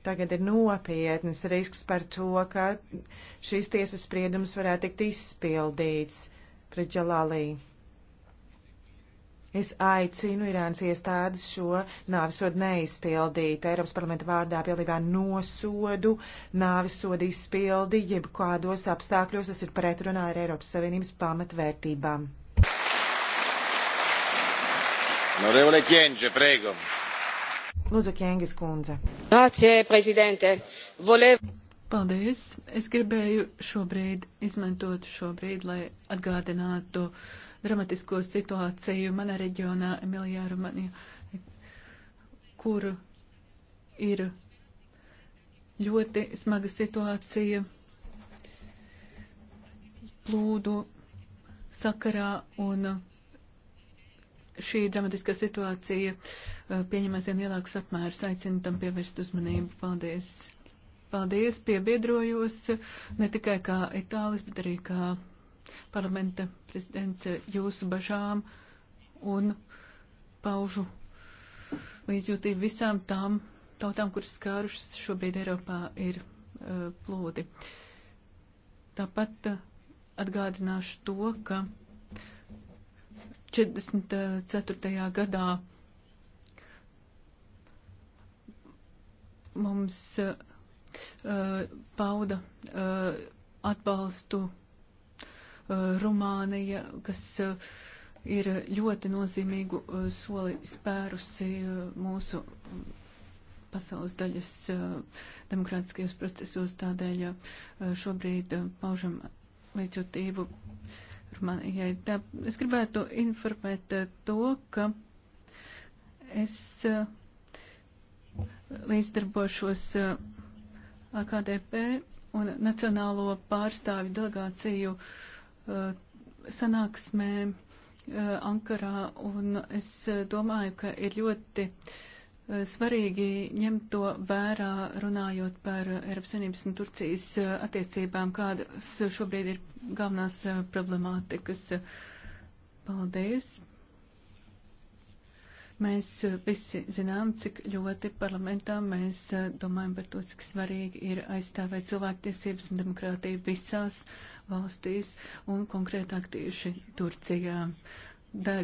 Tagad ir nopietnas risks par to, ka šīs tiesas spriedums varētu tikt izpildīts pret Džalalī. Es aicinu Irānas iestādes šo nāvisodu neizpildīt. Eiropas parlamenta vārdā pilnībā nosodu nāvisodu izpildi, jebkādos apstākļos tas ir pretrunā ar Eiropas Savienības pamatvērtībām. Norevole Kienģe, prego. Lūdzu, Kēngis kundze. Nācie, prezidente. Volev... Paldies. Es gribēju šobrīd izmantot šobrīd, lai atgādinātu dramatisko situāciju manā reģionā Emilijā Rumānijā, kur ir ļoti smaga situācija plūdu sakarā un šī dramatiskā situācija uh, pieņemās vien lielākus apmērus. Aicinu tam pievērst uzmanību. Paldies! Paldies! Piebiedrojos ne tikai kā itālis, bet arī kā parlamenta prezidents jūsu bažām un paužu līdzjūtību visām tām tautām, kuras skārušas šobrīd Eiropā ir uh, plūdi. Tāpat uh, atgādināšu to, ka 44. Uh, gadā mums uh, pauda uh, atbalstu Rumānija, kas ir ļoti nozīmīgu soli spērusi mūsu pasaules daļas demokrātiskajos procesos, tādēļ šobrīd paužam līdzjūtību Rumānijai. Tā, es gribētu informēt eh, to, ka es eh, līdzdarbošos eh, AKDP un Nacionālo pārstāvju delegāciju sanāksmē Ankarā, un es domāju, ka ir ļoti uh, Svarīgi ņemt to vērā, runājot par Eiropas Savienības un Turcijas eh, attiecībām, kādas šobrīd ir galvenās eh, problemātikas. Paldies! Mēs eh, visi zinām, cik ļoti parlamentā mēs domājam par to, cik svarīgi ir aizstāvēt cilvēktiesības un demokrātiju visās valstīs un konkrētāk tieši Turcijā. Dar